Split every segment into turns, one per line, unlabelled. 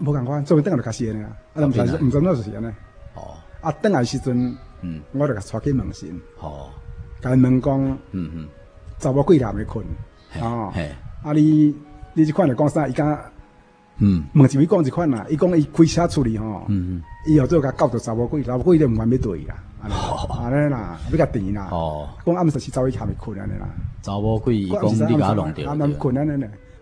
無共款，做等下就卡線啦。啊，毋知影是安尼哦，啊，轉來時陣，嗯，我就帶去問神吼，哦，佢問講，嗯嗯，查某鬼毋會困。哦，啊你你即款就講啥？伊家，
嗯，
問幾位講即款啦？伊講伊開車出去嗯嗯，伊後做架教導查某鬼，查某鬼就毋願俾隊啦。安尼啦，俾佢纏啦。吼。講暗時早啲敲咪困安尼啦。
查某鬼，伊講你而家弄尼啦。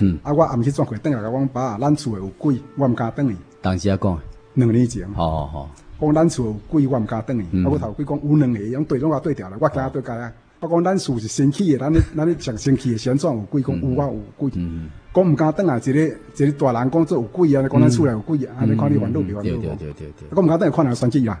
嗯，啊，
我暗時轉過，倒來甲阮爸，咱厝有鬼，我唔敢倒來。
當時啊講，兩年前吼吼吼，
講咱厝有鬼，我唔敢倒來。啊，我頭有講有兩個，用對攏我對掉咧，我驚對掉咧。我講咱厝是新起的，咱你咱你上新起的先轉有鬼，講有我有鬼。講唔敢倒來。一個一個大人講這有鬼啊，講咱厝內有鬼啊，啊，你看你煩惱袂煩惱。對對對對對。
講
唔敢倒來看人算計啊。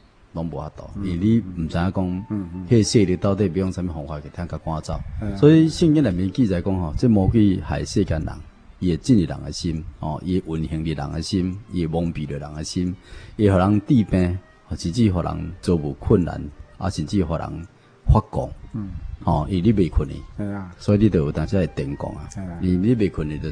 攏無法度，而、嗯、你毋知影講，迄個勢力到底要用什物方法去趁佢趕走。嗯嗯、所以聖經內面記載講，吼、哦，即魔鬼害世間人，伊會進入人的心，伊會運行着人的心，伊會蒙蔽着人的心，伊會互人治病，甚至互人做唔困難，抑甚至互人發狂。嗯，而、哦、你未困去，嗯、所以你著有但係會停工啊。啦你你未困去著。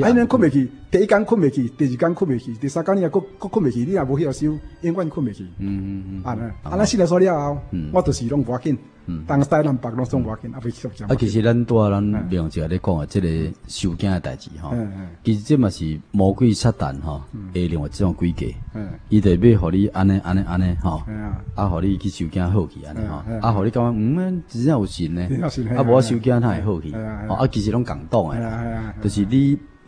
哎，你困唔去，第一工困唔去，第二工困唔去，第三工你也佢佢困唔去，你也無去收，永遠困唔去，嗯嗯嗯，啱啊，啊，安尼安尼煞了後，我著是攏趕緊，東西南北攏攏趕緊，阿未十啊，其實
咱多阿，咱明仔日講啊，即個收驚嘅代志吼，其實即嘛是魔鬼撒旦吼，誒另外一種詭計，嗯，伊著要互你安尼安尼安尼吼，啊，互你去收驚好去安尼吼，啊，互你感覺毋免真正有神呢，啊，冇收驚才會好去吼，啊，其實都共同的，係啊係啊，著是你。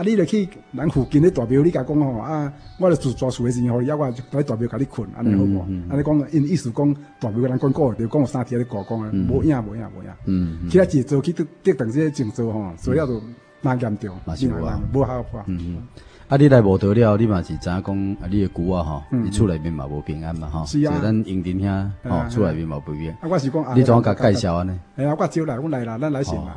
啊！你著去咱附近誒大廟，你甲講吼啊！我著做做事誒時陣，也我喺大廟甲你困，安尼好無？安尼講，因意思講大廟有人管過，就講我三天喺啲掛講誒，無影無影無影。嗯，其他事做，其他啲東西情做吼，所以也都蠻嚴重，是無重，無好法。嗯嗯。
啊！你來無倒了，你嘛是知影講？啊！你嘅姑啊，吼，厝內面嘛無平安嘛，吼。是啊。咱迎賓鄉，哦，厝內邊嘛無平安。啊，我是講，你怎甲介紹安
尼？哎呀，我招來，阮來啦，咱來信嘛。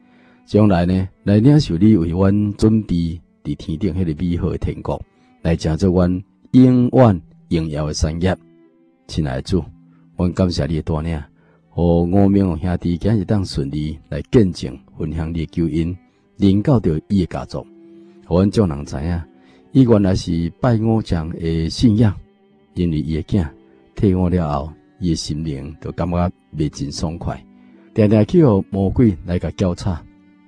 將來呢，來領受你為阮準備佇天頂迄個美好的天國，來成就阮永遠榮耀嘅產業，親愛的主，阮感謝你的帶領，和吳明旺兄弟今日當順利來見證分享你嘅救恩，領教着伊嘅家族，互阮眾人知影。伊原來是拜偶像嘅信仰，因為伊個囝退伍了後，伊個心靈就感覺未真爽快，定定去互魔鬼來甲攪吵。